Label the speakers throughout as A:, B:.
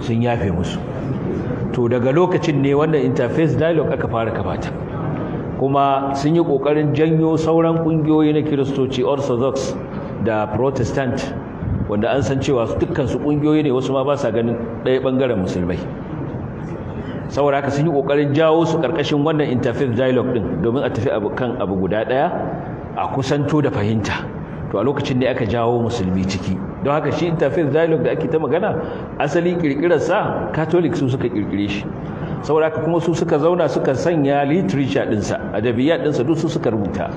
A: sun yafe musu to daga lokacin ne wannan interface dialogue aka fara kafata kuma sun yi kokarin janyo sauran kungiyoyi na kiristoci orthodox da protestant wanda an san cewa dukkan su kungiyoyi ne wasu ma ba sa ganin ɗaya bangaren musulmai saboda haka sun yi kokarin jawo su karkashin wannan interfaith dialogue ɗin, domin a tafi kan abu guda ɗaya, a kusanto da fahimta to a lokacin ne aka jawo musulmi ciki don haka shi interfaith dialogue da ake ta magana asali kirkirar sa catholic su suka kirkire shi saboda haka kuma su suka zauna suka sanya literature dinsa adabiyat dinsa duk su suka rubuta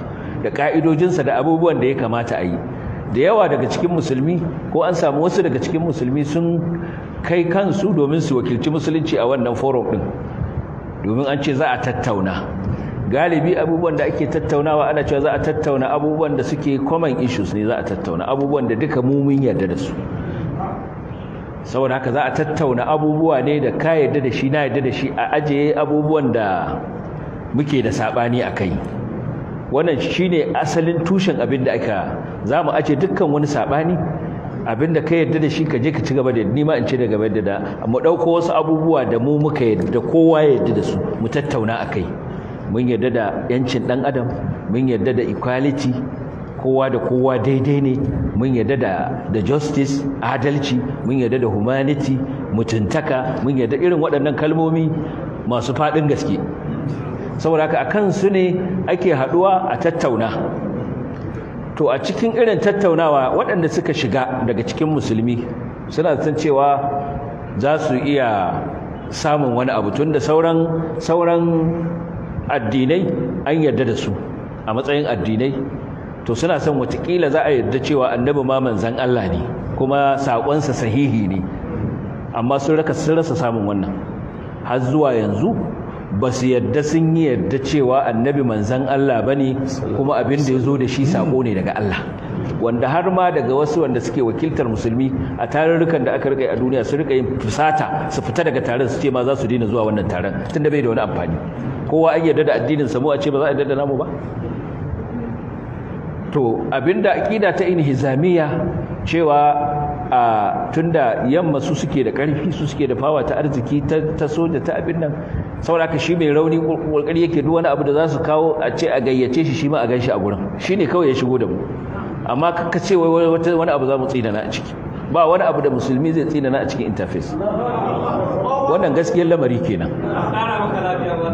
A: da ka'idojinsa da abubuwan da ya kamata a yi da yawa daga cikin musulmi ko an samu wasu daga cikin musulmi sun kai kansu domin su wakilci musulunci a wannan forum ɗin? domin an ce za a tattauna galibi abubuwan da ake tattaunawa ana cewa za a tattauna abubuwan da suke common issues ne za a tattauna abubuwan da duka mumin yarda da su saboda haka za a tattauna abubuwa ne da ka yarda da shi na yarda da shi a ajiye abubuwan da muke da sabani a kai wannan shine asalin tushen abin da aka za mu ajiye dukkan wani sabani abin da ka yarda da shi ka je ka ci gaba da ni ma in ci gaba da da mu ɗauko wasu abubuwa da mu muka yarda kowa ya yarda da su mu tattauna a kai mun yarda da yancin ɗan adam mun yarda da equality kowa da kowa daidai ne mun yarda da da justice adalci mun yarda da humanity mutuntaka mun yarda irin waɗannan kalmomi masu faɗin gaske saboda haka akan su ne ake haɗuwa a tattauna to a cikin irin tattaunawa waɗanda suka shiga daga cikin musulmi suna san cewa za su iya samun wani abu tun da sauran addinai an yarda da su a matsayin addinai to suna son watakila za a yarda cewa annabi ma manzan Allah ne kuma saƙonsa sahihi ne amma sun raka sun rasa samun wannan har zuwa yanzu ba su yarda sun yi yarda cewa annabi manzan Allah ba ne kuma abin da ya zo da shi sako ne daga Allah wanda har ma daga wasu wanda suke wakiltar musulmi a tarurrukan da aka rika a duniya su rika yin fusata su fita daga taron su ce ma za su daina zuwa wannan taron tunda bai da wani amfani kowa an yarda da addinin sa mu a ce ba za a yarda da namu ba to abinda aqida ta inhizamiya cewa a tunda yamma su suke da ƙarfi su suke da fawa ta arziki ta soja ta abin nan saboda shi mai rauni kokari yake duk wani abu da za su kawo a ce a gayyace shi shi ma a ganshi a gurin shine kawai ya shigo da mu amma ka ce wani abu za mu tsinana a ciki ba wani abu da musulmi zai tsinana a cikin interface wannan gaskiyar lamari kenan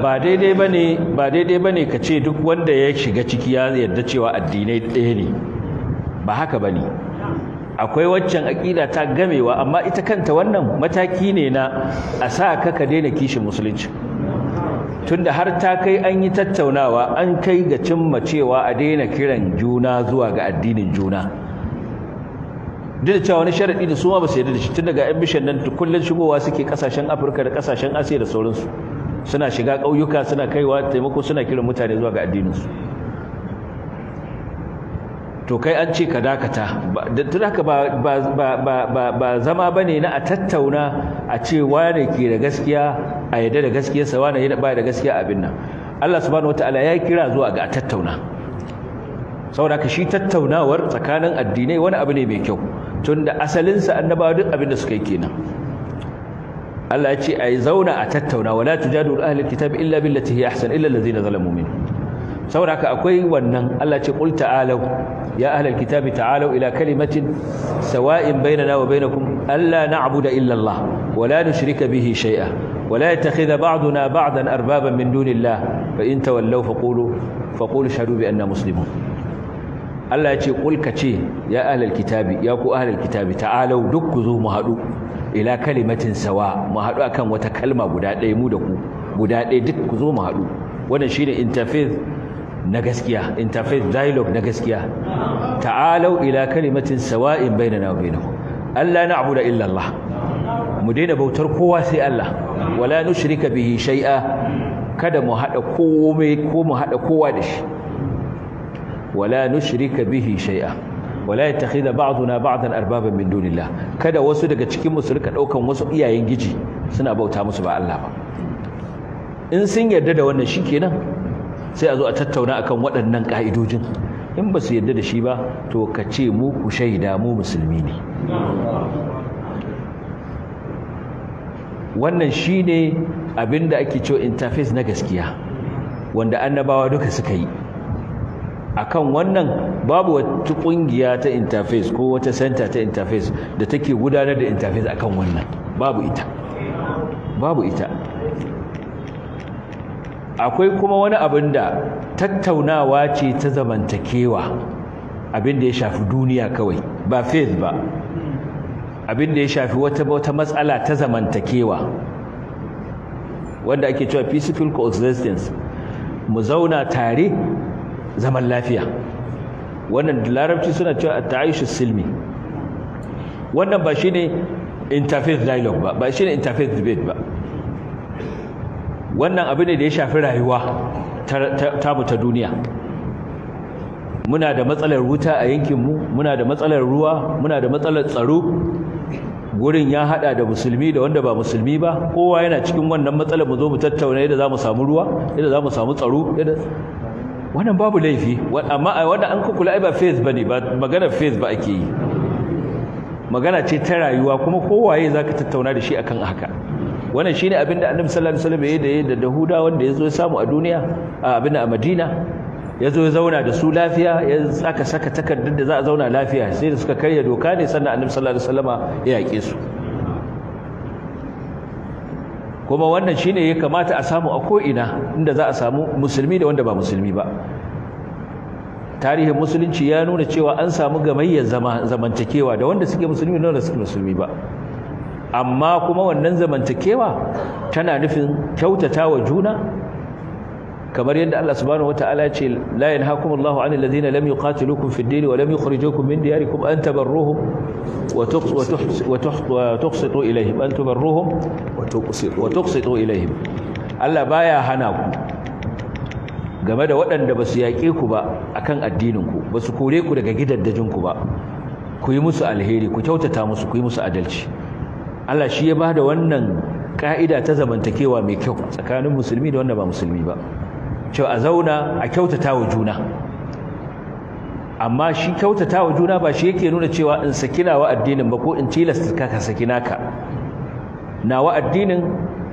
A: ba daidai ne ba daidai ne ka ce duk wanda ya shiga ciki ya yarda cewa addinai ɗaya ne ba haka ba ne akwai waccan aƙida ta gamewa amma ita kanta wannan mataki ne na a sa ka ka daina kishin musulunci tunda har ta kai an yi tattaunawa an kai ga cimma cewa a daina kiran juna zuwa ga addinin juna duk da cewa wani sharaɗi da su ma ba su yarda da shi tun daga yan nan kullum shigowa suke kasashen afirka da kasashen asiya da sauransu suna shiga ƙauyuka suna kaiwa taimako suna kiran mutane zuwa ga addininsu to kai an ce ka dakata tun haka ba zama ba ne na a tattauna a ce wane ke da gaskiya a yadda da gaskiyarsa wane yana baya da gaskiya abin nan Allah subhanahu wataala ya kira zuwa ga a tattauna saboda ka shi tattaunawar tsakanin addinai wani abu ne mai kyau tun da asalinsa annabawa duk abin da suka yi kenan Allah ya ce a yi zauna a tattauna wala tujadu ahli kitab illa billati hi ahsan illa allazina zalamu minhum saboda haka akwai wannan Allah ce qul ta'alu ya ahlal kitabi ta'alu ila kalimatin sawa'in bainana wa bainakum alla na'budu illa Allah wa la nushrika bihi shay'a wa la yattakhidha ba'duna ba'dan arbaban min dunillah fa in tawallaw faqulu faqulu shahadu bi anna muslimun Allah ya ce qul kace ya ahlal kitabi ya ku ahlal kitabi ta'alu duk ku zo mu hadu ila kalimatin sawa mu hadu akan wata kalma guda ɗaya mu da ku guda ɗaya duk ku zo mu hadu wannan shine interfaith na gaskiya interfaith dialogue na gaskiya ta'alu ila kalimatin sawa'in bainana wa bainakum alla na'budu illa Allah mu daina bautar kowa sai Allah wala nushrika bihi shay'a kada mu hada komai ko mu hada kowa da shi wala nushrika bihi shay'a wala yattakhidha ba'duna ba'dan arbaba min dunillah kada wasu daga cikin mu su rika daukan wasu iyayen giji suna bauta musu ba Allah ba in sun yarda da wannan shikenan sai a zo a tattauna akan waɗannan ƙa'idojin in ba su yadda da shi ba to ka ce mu ku shaida mu musulmi ne wannan shi ne abin da ake cewa interface na gaskiya wanda annabawa duka suka yi akan wannan babu wata ƙungiya ta interface ko wata center ta interface da take gudanar da interface akan wannan babu ita babu ita akwai kuma wani abin da tattaunawa ce ta zamantakewa abin da ya shafi duniya kawai ba faith ba abin da ya shafi wata wata matsala ta zamantakewa wanda ake cewa peaceful coexistence mu zauna tare zaman lafiya wannan da larabci suna cewa ta'ayushu silmi wannan ba shi ne interfaith dialogue ba ba shi ne interfaith debate ba wannan abu ne da ya shafi rayuwa tamu ta duniya muna da matsalar wuta a yankinmu muna da matsalar ruwa muna da matsalar tsaro gurin ya hada da musulmi da wanda ba musulmi ba kowa yana cikin wannan matsalar mu zo mu tattauna yadda za mu samu ruwa yadda za mu samu tsaro wannan babu laifi amma wanda an kukula ai ba face bane ba magana face ba ake yi magana ce ta rayuwa kuma kowaye zaka tattauna da shi akan haka wannan shine abin da annabi sallallahu alaihi wasallam ya yi da dahuda wanda ya zo ya samu a duniya a abin a madina ya zo ya zauna da su lafiya ya saka saka takardar da za a zauna lafiya sai da suka karya doka ne sannan annabi sallallahu alaihi wasallam ya yake su kuma wannan shine ya kamata a samu a ina inda za a samu musulmi da wanda ba musulmi ba tarihin musulunci ya nuna cewa an samu gamayyar zamantakewa da wanda suke musulmi da wanda suke musulmi ba amma kuma wannan zamantakewa tana nufin kyautata wa juna kamar yadda Allah subhanahu wataala ya ce la allahu 'anil ladina lam yuqatilukum fid din wa lam yukhrijukum min diyarikum an tabarruhum wa tuqsitu ilayhim an tabarruhum wa tuqsitu ilayhim Allah baya hana ku game da waɗanda ba su yaƙe ku ba akan addininku ba su kore ku daga gidaddajinku ba ku yi musu alheri ku kyautata musu ku yi musu adalci Allah shi ya ba da wannan ka'ida ta zamantakewa mai kyau tsakanin musulmi da wanda ba musulmi ba cewa a zauna a kyautata wa juna amma shi kyautata wa juna ba shi yake nuna cewa in sakina wa addinin ba ko in tilasta ka ka sakina ka wa addinin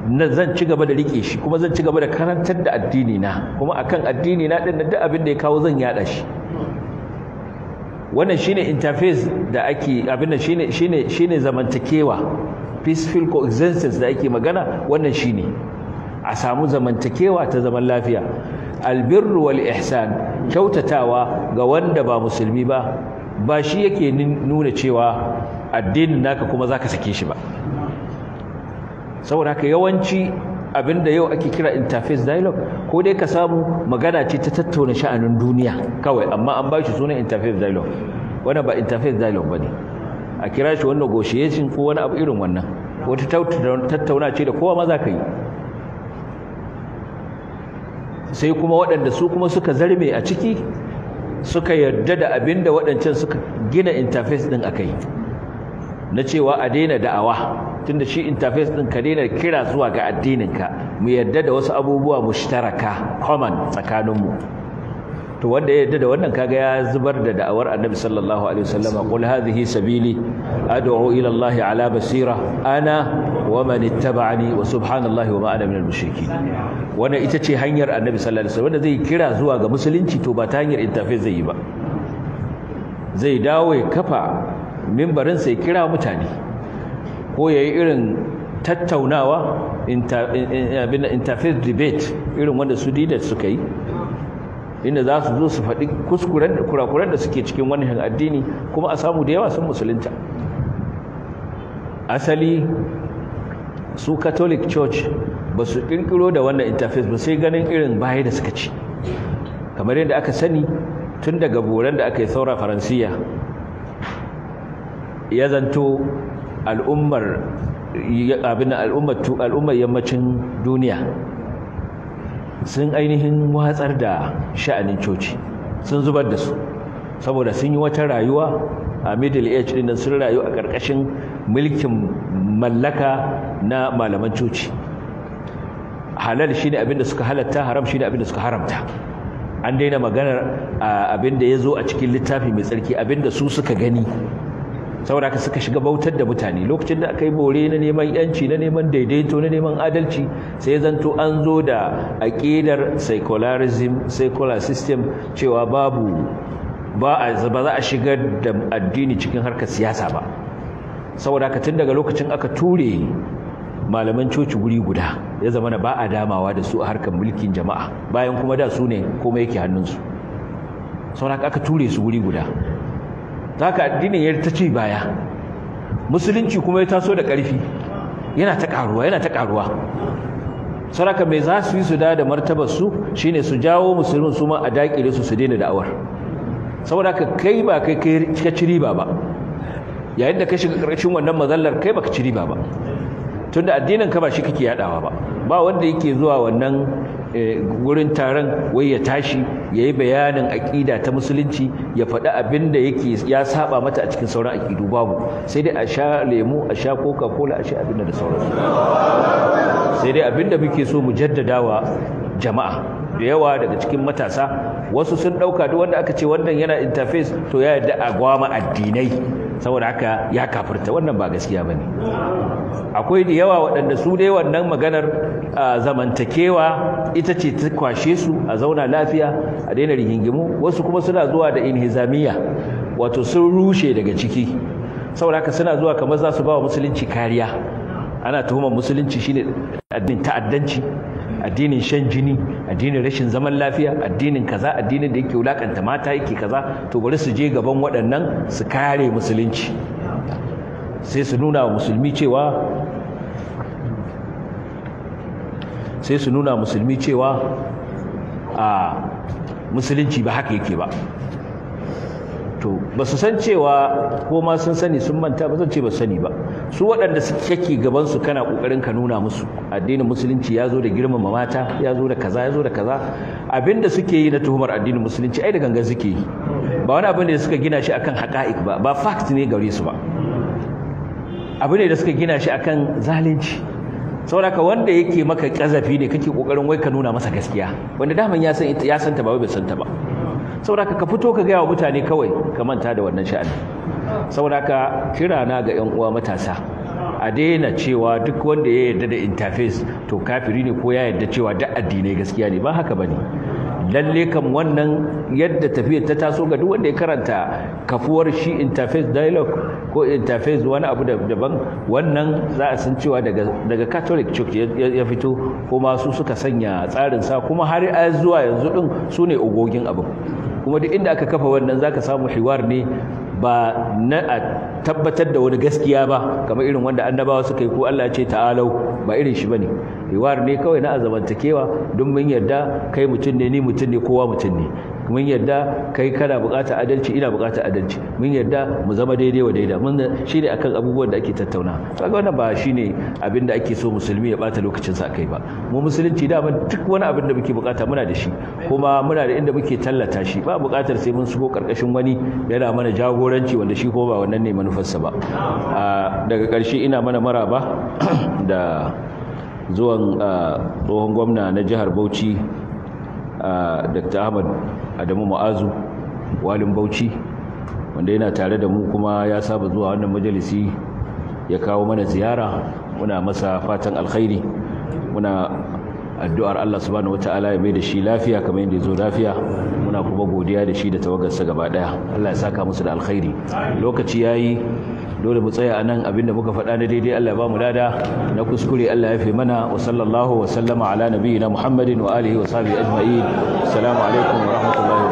A: na zan ci gaba da rike shi kuma zan ci gaba da karantar da addini na kuma akan addini na din da abin da ya kawo zan yaɗa shi wannan shine interface da ake abin da shine shine shine zamantakewa peaceful coexistence da ake magana wannan shine a samu zamantakewa ta zaman lafiya albirru wal ihsan kyautatawa ga wanda ba musulmi ba ba shi yake nuna cewa addinin naka kuma zaka sake shi ba saboda haka yawanci abinda yau ake kira interface dialogue ko dai ka samu magana ce ta tattauna sha'anin duniya kawai amma an ba shi sunan interface dialogue wannan ba interface dialogue bane a kira shi wannan negotiation ko wani abu irin wannan wata tattauna ce da kowa maza za ka yi sai kuma waɗanda su kuma suka zarme a ciki suka yarda da abin da waɗancan suka gina interface ɗin a kai. na cewa a daina da'awa tunda shi interface ɗin ka daina kira zuwa ga addininka mu yarda da wasu abubuwa mushtaraka common tsakaninmu to wanda ya yarda da wannan kaga ya zubar da da'awar annabi sallallahu alaihi wasallam qul hadhihi sabili ad'u ila allahi ala basira ana wa man ittaba'ani wa subhanallahi wa ma ana minal mushrikin wannan ita ce hanyar annabi sallallahu alaihi wasallam wanda zai kira zuwa ga musulunci to ba ta hanyar intafe zai yi ba zai dawo ya kafa mimbarin sai kira mutane ko yayi irin tattaunawa interfaith debate irin wanda su dida suka yi inda za su zo su faɗi kuskuren da kurakuren da suke cikin wannan addini kuma a samu da yawa sun musulunta asali su catholic church ba su ƙirƙiro da wannan interface ba sai ganin irin baya da suka ci kamar yadda aka sani tun daga boran da aka yi saura faransiya ya zanto al'ummar al'ummar yammacin duniya sun ainihin watsar da sha'anin coci sun zubar da su saboda sun yi wata rayuwa a middle age din sun rayu a ƙarƙashin mulkin mallaka na malaman coci halal shine abin da suka halatta haram shine abin da suka haramta an daina maganar abin da ya zo a cikin littafi mai tsarki abin da su suka gani saboda haka suka shiga bautar da mutane lokacin da aka yi bore na neman yanci na neman daidaito na neman adalci sai zanto an zo da aƙidar secularism secular system cewa babu ba za a shiga da addini cikin harkar siyasa ba saboda haka tun daga lokacin aka ture malaman coci guri guda ya zama na ba a damawa da su a harkar mulkin jama'a bayan kuma da su ne komai yake hannunsu saboda aka ture su guri guda haka addinin ya ta ci baya musulunci kuma ya taso da ƙarfi yana ta ƙaruwa yana ta ƙaruwa saraka mai za su yi su da da martabar su shine su jawo musulmin su ma a dakile su su daina da'awar saboda ka kai ba kai ka ci riba ba yayin da ka shiga ƙarƙashin wannan mazallar kai baka ci riba ba tunda addinin ka ba shi kake yadawa ba ba wanda yake zuwa wannan gurin eh, taron wai ya tashi ya yi bayanin aƙida ta musulunci ya faɗi abin da yake ya saba mata a cikin sauran aƙidu babu sai dai a sha lemu a sha coca cola a sha abin da sauransu sai dai abin da muke so mu jaddada wa jama'a da yawa daga cikin matasa wasu sun ɗauka duk wanda aka ce wannan yana interface to ya yarda a gwama addinai saboda haka ya kafirta wannan ba gaskiya bane akwai da yawa waɗanda su dai wannan maganar zamantakewa ita ce ta kwashe su a zauna lafiya a daina rigingimu wasu kuma suna zuwa da inhizamiya wato sun rushe daga ciki saboda haka suna zuwa kamar za su ba wa musulunci kariya ana tuhumar musulunci shine addin ta'addanci addinin shan jini addinin rashin zaman lafiya addinin kaza addinin da yake wulakanta mata yake kaza to bari su je gaban waɗannan su kare musulunci sai su nuna musulmi cewa sai su nuna musulmi cewa a musulunci ba haka yake ba to ba su san cewa ko ma sun sani sun manta ba zan ce ba sani ba su waɗanda suke gaban su kana kokarin ka nuna musu addinin musulunci ya zo da girmama mata ya zo da kaza ya zo da kaza abinda suke yi na tuhumar addinin musulunci ai da ganga suke yi ba wani abin da suka gina shi akan haqa'iq ba ba fact ne gare su ba abu ne da suka gina shi akan zalunci saboda wanda yake maka kazafi ne kake kokarin wai ka nuna masa gaskiya wanda daman ya san ya santa ba wai bai ta ba saboda ka fito ka gaya wa mutane kawai ka manta da wannan sha'ani saboda ka kira na ga yan uwa matasa a daina cewa duk wanda ya yarda da interface to kafiri ne ko ya yarda cewa duk addinai gaskiya ne ba haka bane lalle kam wannan yadda tafiyar ta taso ga duk wanda ya karanta kafuwar shi interface dialogue ko interface wani abu daban wannan za a san cewa daga daga catholic church ya fito kuma su suka sanya tsarin sa kuma har zuwa yanzu din su ne ogogin abin kuma duk inda aka kafa wannan zaka samu hiwar ne ba na a tabbatar da wani gaskiya ba kamar irin wanda annabawa suka yi ko Allah ce ta'alau ba irin shi bane hiwar ne kawai na azabantakewa don mun yarda kai mutum ne ni mutum ne kowa mutum ne mun yadda kai kana buƙatar adalci ina buƙatar adalci mun yadda mu zama daidai wa daida mun shi ne akan abubuwan da ake tattauna kaga wannan ba shi ne abin da ake so musulmi ya bata lokacin sa kai ba mu musulunci da mun duk wani abin da muke bukata muna da shi kuma muna da inda muke tallata shi ba bukatar sai mun shigo karkashin wani yana mana jagoranci wanda shi ko ba wannan ne manufarsa ba daga karshe ina mana maraba da zuwan tsohon gwamna na jihar Bauchi dr ahmad adamu ma'azu walin bauchi wanda yana tare da mu kuma ya saba zuwa wannan majalisi ya kawo mana ziyara muna masa fatan alkhairi muna addu'ar Allah subhanahu ta'ala ya mai da shi lafiya kamar yadda ya zo lafiya muna kuma godiya da shi da tawagarsa gaba daya Allah ya saka musu da alkhairi lokaci ya yi. dole mu tsaya anan abinda muka faɗa na daidai Allah ya ba mu lada na kuskure Allah ya fi mana wa sallallahu wa sallama ala nabiyina Muhammadin wa alihi wa sahbihi ajma'in assalamu alaikum wa rahmatullahi